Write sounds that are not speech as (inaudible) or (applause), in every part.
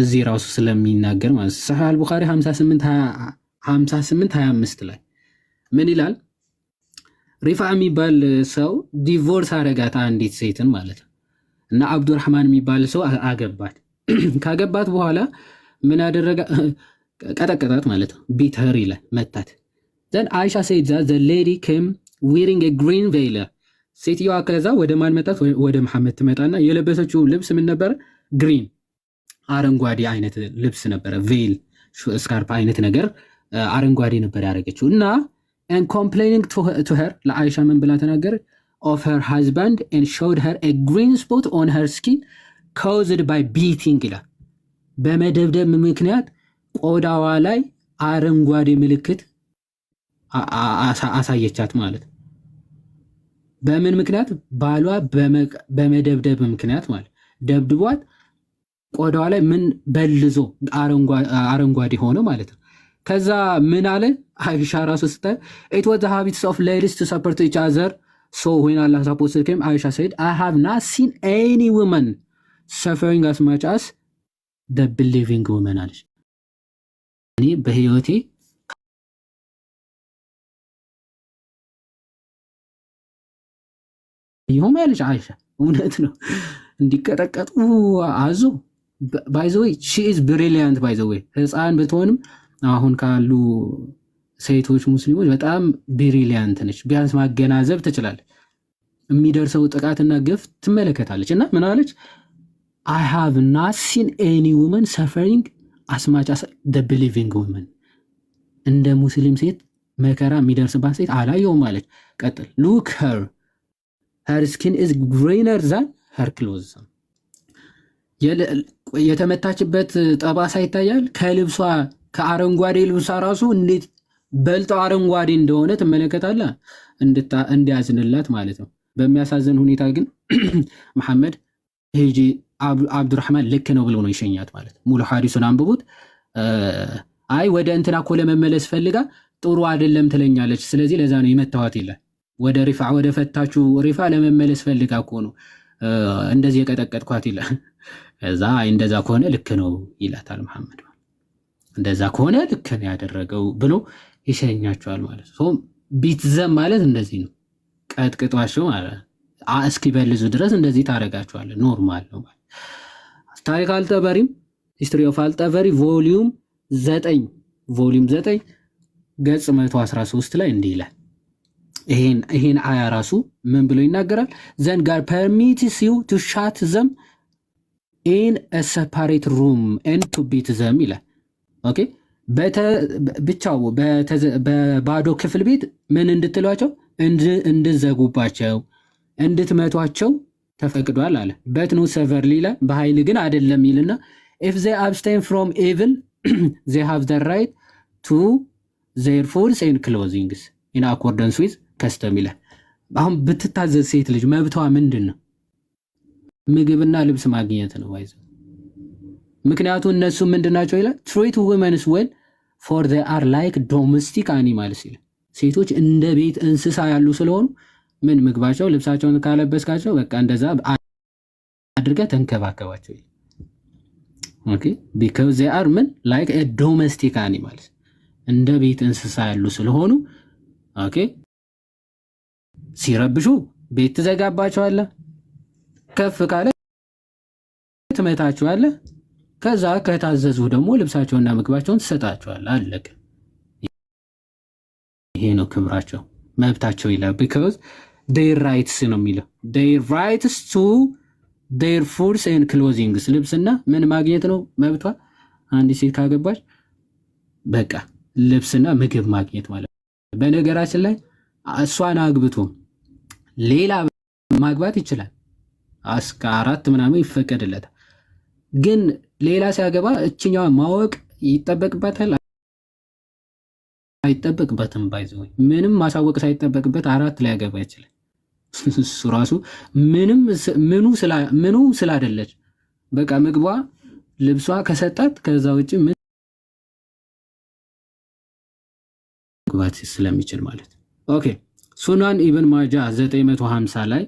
እዚህ ራሱ ስለሚናገር ማለት ነው። ሰሒህ አልቡኻሪ 58 25 ላይ ምን ይላል? ሪፋ የሚባል ሰው ዲቮርስ አረጋት አንዲት ሴትን ማለት ነው እና አብዱራህማን የሚባል ሰው አገባት። (clears throat) ካገባት በኋላ ምን አደረጋ? (clears throat) ቀጠቀጣት ማለት ነው። ቢተር ሄር ይላል መታት። ዘን አይሻ ሴዛ ዘ ሌዲ ኬም ዊሪንግ ግሪን ቬይለ ሴትየዋ ከዛ ወደ ማን መጣት? ወደ መሐመድ ትመጣና የለበሰችው ልብስ ምን ነበረ? ግሪን አረንጓዴ አይነት ልብስ ነበረ፣ ቬል ስካርፕ አይነት ነገር አረንጓዴ ነበር ያደረገችው እና ን ኮምፕሌኒንግ ቱ ሄር ለአይሻ ምን ብላ ተናገር ኦፍ ሄር ሃዝባንድ ን ሾድ ሄር ግሪን ስፖት ኦን ሄር ስኪን ከውዝድ ባይ ቢቲንግ ይላል። በመደብደብ ምክንያት ቆዳዋ ላይ አረንጓዴ ምልክት አሳየቻት ማለት በምን ምክንያት? ባሏ በመደብደብ ምክንያት ማለት ደብድቧት ቆዳዋ ላይ ምን በልዞ አረንጓዴ ሆነ ማለት ነው። ከዛ ምን አለ አይሻ ራሱ ስታይ ኢት ወዝ ሃቢትስ ኦፍ ሌዲስ ቱ ሰፖርት ኢች አዘር ሶ ዌን አላ ሳፖርት ኬም አይሻ ሰይድ አይ ሃቭ ና ሲን ኤኒ ውመን ሰፈሪንግ አስ ማች አስ ደ ብሊቪንግ ውመን አለች። እኔ በህይወቴ ይሁም ያለች አይሻ እውነት ነው እንዲቀጠቀጡ አዞ ባይዘወይ ሺኢዝ ብሪሊያንት ባይዘወይ ህፃን ብትሆንም አሁን ካሉ ሴቶች ሙስሊሞች በጣም ብሪሊያንት ነች። ቢያንስ ማገናዘብ ትችላለች። የሚደርሰው ጥቃትና ግፍ ትመለከታለች እና ምን አለች? አይ ሃቭ ናት ሲን ኤኒ ውመን ሰፈሪንግ አስማች ደ ብሊቪንግ ውመን እንደ ሙስሊም ሴት መከራ የሚደርስባት ሴት አላየውም አለች። ቀጥል ሉክ ሄር ሄር ስኪን ኢዝ ግሪነር ዛን ሄር ክሎዝ የተመታችበት ጠባሳ ይታያል። ከልብሷ ከአረንጓዴ ልብሷ ራሱ እንዴት በልጠው አረንጓዴ እንደሆነ ትመለከታለ። እንዲያዝንላት ማለት ነው። በሚያሳዝን ሁኔታ ግን (clears throat) መሐመድ ሄጂ አብዱራህማን ልክ ነው ብሎ ነው ይሸኛት ማለት ሙሉ ሐዲሱን አንብቡት። አይ ወደ እንትና እኮ ለመመለስ ፈልጋ ጥሩ አይደለም ትለኛለች፣ ስለዚህ ለዛ ነው የመታዋት ይላል። ወደ ሪፋ ወደ ፈታችሁ ሪፋ ለመመለስ ፈልጋ እኮ ነው እንደዚህ የቀጠቀጥኳት ይላል። ከዛ እንደዛ ከሆነ ልክ ነው ይላታል መሐመድ። እንደዛ ከሆነ ልክ ነው ያደረገው ብሎ ይሸኛቸዋል ማለት ነው። ቢትዘም ማለት እንደዚህ ነው። ቀጥቅጧቸው ማለት እስኪበልዙ ድረስ እንደዚህ ታደረጋቸዋለ። ኖርማል ነው ማለት ታሪክ አልጠበሪም ሂስትሪ ኦፍ አልጠበሪ ቮሊዩም ዘጠኝ ቮሊዩም ዘጠኝ ገጽ 113 ላይ እንዲህ ይላል። ይሄን አያ ራሱ ምን ብሎ ይናገራል? ዘን ጋር ፐርሚትስ ዩ ቱ ሻት ዘም ኢን ሰፓሬት ሩም ኤንድ ቱ ቢት ዘም ይላል። ኦኬ ብቻው በባዶ ክፍል ቤት ምን እንድትሏቸው እንድዘጉባቸው እንድትመቷቸው ተፈቅዷል አለ። በት ኖ ሰቨርሊ በኃይል ግን አይደለም ይልና ኢፍ ዘ አብስቴን ፍሮም ኤቪል ዘ ሃቭ ዘ ራይት ቱ ዘር ፉድስ ኤንድ ክሎዚንግስ ኢን አኮርደንስ ዊዝ ከስተም ይላል። አሁን ብትታዘዝ ሴት ልጅ መብቷ ምንድን ነው? ምግብና ልብስ ማግኘት ነው። ይዘ ምክንያቱ እነሱ ምንድናቸው ይላል ትሪት ውመንስ ወል ፎር ዘ አር ላይክ ዶሜስቲክ አኒማልስ ይል ሴቶች እንደ ቤት እንስሳ ያሉ ስለሆኑ ምን ምግባቸው ልብሳቸውን ካለበስካቸው በቃ እንደዛ አድርገ ተንከባከባቸው። ኦኬ ቢካዝ ዜ አር ምን ላይክ ዶሜስቲክ አኒማልስ እንደ ቤት እንስሳ ያሉ ስለሆኑ ኦኬ ሲረብሹ ቤት ትዘጋባቸዋለህ። ከፍ ካለ ትመታችኋለህ። ከዛ ከታዘዙ ደግሞ ልብሳቸውና ምግባቸውን ትሰጣቸዋለህ። አለቀ። ይሄ ነው ክብራቸው፣ መብታቸው ይላል። ቢካዝ ዴር ራይትስ ነው የሚለው ዴር ራይትስ ቱ ዴር ፉድስ ኤንድ ክሎዚንግስ። ልብስና ምን ማግኘት ነው መብቷ። አንዲት ሴት ካገባች በቃ ልብስና ምግብ ማግኘት ማለት ነው። በነገራችን ላይ እሷን አግብቶ ሌላ ማግባት ይችላል። እስከ አራት ምናምን ይፈቀድለታል። ግን ሌላ ሲያገባ እችኛዋ ማወቅ ይጠበቅበታል አይጠበቅበትም? ባይዘ ምንም ማሳወቅ ሳይጠበቅበት አራት ላይ ያገባ ይችላል። እሱ ራሱ ምንም ምኑ ስላደለች በቃ ምግቧ፣ ልብሷ ከሰጣት ከዛ ውጭ ምግባት ስለሚችል ማለት ኦኬ ሱናን ኢብን ማጃ 950 ላይ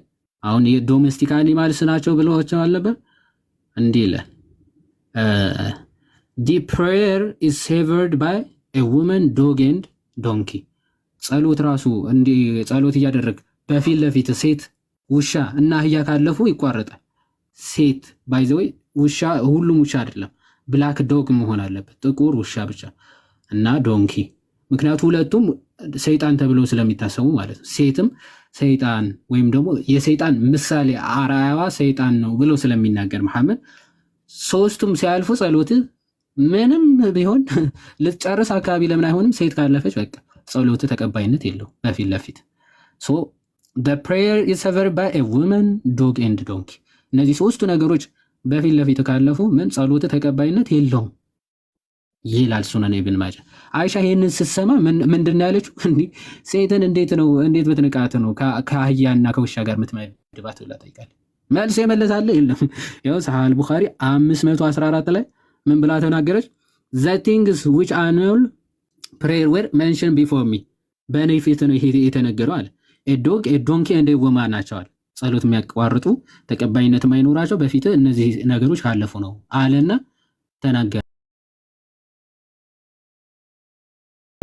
አሁን የዶሜስቲክ አኒማልስ ናቸው ብለዋቸው አልነበር? እንዲህ ይለን ዲ ፕሬየር ኢዝ ሴቨርድ ባይ ኤ ውመን ዶግ ኤንድ ዶንኪ። ጸሎት ራሱ ጸሎት እያደረግ በፊት ለፊት ሴት ውሻ እና አህያ ካለፉ ይቋረጣል። ሴት ባይዘወይ ውሻ ሁሉም ውሻ አይደለም፣ ብላክ ዶግ መሆን አለበት፣ ጥቁር ውሻ ብቻ እና ዶንኪ። ምክንያቱ ሁለቱም ሰይጣን ተብሎ ስለሚታሰቡ ማለት ነው። ሴትም ሰይጣን ወይም ደግሞ የሰይጣን ምሳሌ አርአያዋ ሰይጣን ነው ብሎ ስለሚናገር መሐመድ ሶስቱም ሲያልፉ ጸሎት ምንም ቢሆን (laughs) ልትጨርስ አካባቢ ለምን አይሆንም? ሴት ካለፈች በቃ ጸሎት ተቀባይነት የለው በፊት ለፊት ፕሬየር ሰቨር ባይ ውመን ዶግ ኤንድ ዶንኪ። እነዚህ ሶስቱ ነገሮች በፊት ለፊት ካለፉ ምን ጸሎት ተቀባይነት የለውም። ይላል ሱነን ኢብን ማጃ። አይሻ ይህንን ስትሰማ ምንድን ነው ያለችው? ሴትን እንዴት ነው እንዴት በትንቃት ነው ከአህያና ከውሻ ጋር የምትመድባት ብላ ጠይቃል። መልስ የመለሳለ የለም። ያው ሰሃል ቡኻሪ 514 ላይ ምን ብላ ተናገረች? ዘ ቲንግስ ዊች አኑል ፕሬየር ዌር መንሽን ቢፎር ሚ በእኔ ፊት ነው ይሄ የተነገረው አለ። ዶግ ዶንኪ እንደ ወማ ናቸዋል ጸሎት የሚያቋርጡ ተቀባይነት ማይኖራቸው በፊት እነዚህ ነገሮች ካለፉ ነው አለና ተናገረ።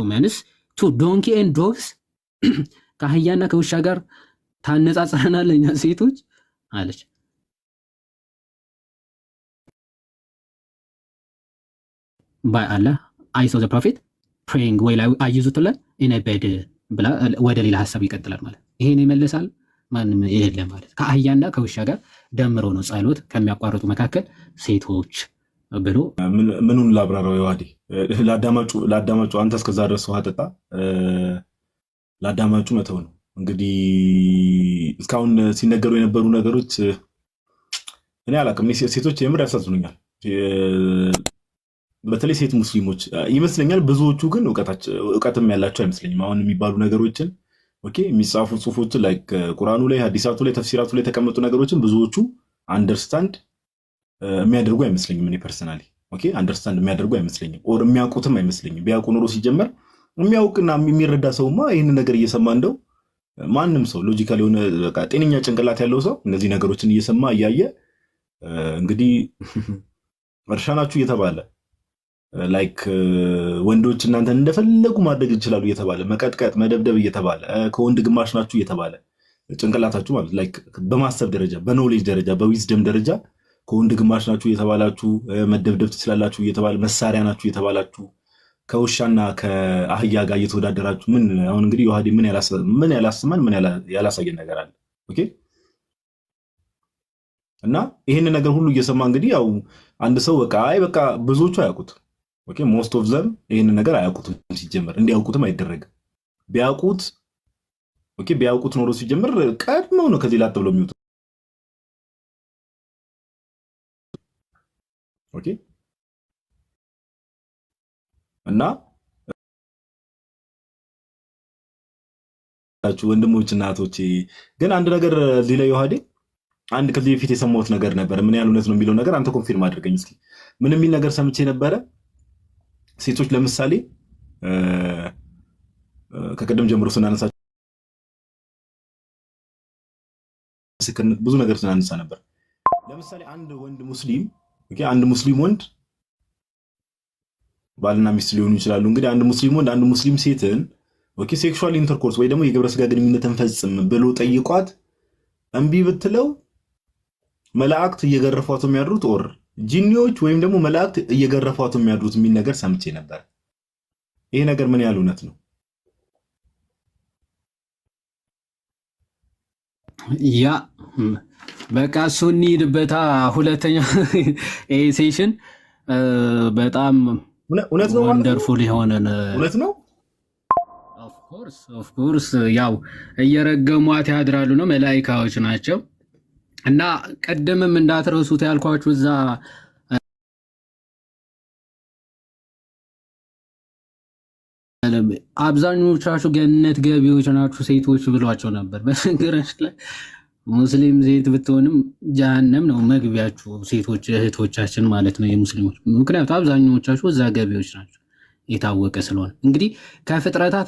ሁመንስ ቱ ዶንኪ ን ዶግስ (clears throat) ከአህያና ከውሻ ጋር ታነጻጽረናል እኛ ሴቶች አለች። ባይ አለ አይሶ ዘ ፕሮፌት ፕሬይንግ ወይ ላይ አይዙት ለ ቤድ ብላ ወደ ሌላ ሀሳብ ይቀጥላል ማለት ይሄን ይመለሳል። ማንም የለም ማለት ከአህያና ከውሻ ጋር ደምሮ ነው ጸሎት ከሚያቋርጡ መካከል ሴቶች ብሎ ምኑን ላብራራው? የዋዴ ለአዳማጩ አንተ እስከዛ ድረስ ውሃ ጠጣ፣ ለአዳማጩ መተው ነው እንግዲህ። እስካሁን ሲነገሩ የነበሩ ነገሮች እኔ አላውቅም። ሴቶች የምር ያሳዝኑኛል፣ በተለይ ሴት ሙስሊሞች ይመስለኛል። ብዙዎቹ ግን እውቀትም ያላቸው አይመስለኝም። አሁን የሚባሉ ነገሮችን ኦኬ፣ የሚጻፉ ጽሁፎችን ላይ ቁርአኑ ላይ ሀዲሳቱ ላይ ተፍሲራቱ ላይ የተቀመጡ ነገሮችን ብዙዎቹ አንደርስታንድ የሚያደርጉ አይመስለኝም። እኔ ፐርሰናሊ አንደርስታንድ የሚያደርጉ አይመስለኝም። ኦር የሚያውቁትም አይመስለኝም። ቢያውቁ ኖሮ ሲጀመር የሚያውቅና የሚረዳ ሰውማ ይህንን ነገር እየሰማ እንደው ማንም ሰው ሎጂካል የሆነ ጤነኛ ጭንቅላት ያለው ሰው እነዚህ ነገሮችን እየሰማ እያየ እንግዲህ እርሻ ናችሁ እየተባለ ላይክ ወንዶች እናንተን እንደፈለጉ ማድረግ ይችላሉ እየተባለ መቀጥቀጥ፣ መደብደብ እየተባለ ከወንድ ግማሽ ናችሁ እየተባለ ጭንቅላታችሁ ማለት ላይክ በማሰብ ደረጃ በኖሌጅ ደረጃ በዊዝደም ደረጃ ከወንድ ግማሽ ናችሁ እየተባላችሁ መደብደብ ትችላላችሁ እየተባለ መሳሪያ ናችሁ እየተባላችሁ ከውሻና ከአህያ ጋር እየተወዳደራችሁ ምን አሁን እንግዲህ ዮሐዴ ምን ምን ያላስማን ምን ያላሳየን ነገር አለ? ኦኬ እና ይህን ነገር ሁሉ እየሰማ እንግዲህ ያው አንድ ሰው በቃ አይ በቃ ብዙዎቹ አያውቁት። ኦኬ ሞስት ኦፍ ዘም ይህን ነገር አያውቁትም። ሲጀምር እንዲያውቁትም አይደረግም። ቢያውቁት ኦኬ ቢያውቁት ኖሮ ሲጀምር ቀድመው ነው ከዚህ ላጥ ብለው የሚወጡት። ኦኬ እና ወንድሞች እናቶቼ ግን አንድ ነገር ሊለ ዮሐዴ አንድ ከዚህ በፊት የሰማሁት ነገር ነበር። ምን ያህል እውነት ነው የሚለው ነገር አንተ ኮንፊርም አድርገኝ እስኪ። ምን የሚል ነገር ሰምቼ ነበረ? ሴቶች ለምሳሌ ከቀደም ጀምሮ ስናነሳቸው ብዙ ነገር ስናነሳ ነበር። ለምሳሌ አንድ ወንድ ሙስሊም አንድ ሙስሊም ወንድ ባልና ሚስት ሊሆኑ ይችላሉ። እንግዲህ አንድ ሙስሊም ወንድ አንድ ሙስሊም ሴትን ኦኬ ሴክሹዋል ኢንተርኮርስ ወይ ደግሞ የግብረ ስጋ ግንኙነትን ፈጽም ብሎ ጠይቋት እምቢ ብትለው መላእክት እየገረፏት የሚያድሩት ኦር ጂኒዎች ወይም ደግሞ መላእክት እየገረፏት የሚያድሩት የሚል ነገር ሰምቼ ነበር። ይሄ ነገር ምን ያህል እውነት ነው? ያ በቃ እሱ እንሂድበታ። ሁለተኛ ይሄ ሴሽን በጣም ወንደርፉል የሆነን እውነት ነው። ኦፍኮርስ ኦፍኮርስ፣ ያው እየረገሟት ያድራሉ ነው መላይካዎች ናቸው። እና ቅድምም እንዳትረሱት ያልኳችሁ እዛ አብዛኞቻቸው ገነት ገቢዎች ናችሁ ሴቶች ብሏቸው ነበር። በነገራችን ላይ ሙስሊም ሴት ብትሆንም ጀሃነም ነው መግቢያችሁ፣ ሴቶች እህቶቻችን ማለት ነው የሙስሊሞች። ምክንያቱም አብዛኞቻችሁ እዛ ገቢዎች ናቸው የታወቀ ስለሆነ። እንግዲህ ከፍጥረታት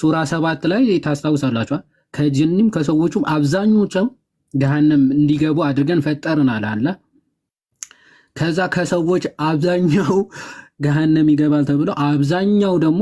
ሱራ ሰባት ላይ ታስታውሳላችኋል። ከጅንም ከሰዎቹም አብዛኞቹም ጀሃነም እንዲገቡ አድርገን ፈጠርን አለ። ከዛ ከሰዎች አብዛኛው ገሃነም ይገባል ተብሎ አብዛኛው ደግሞ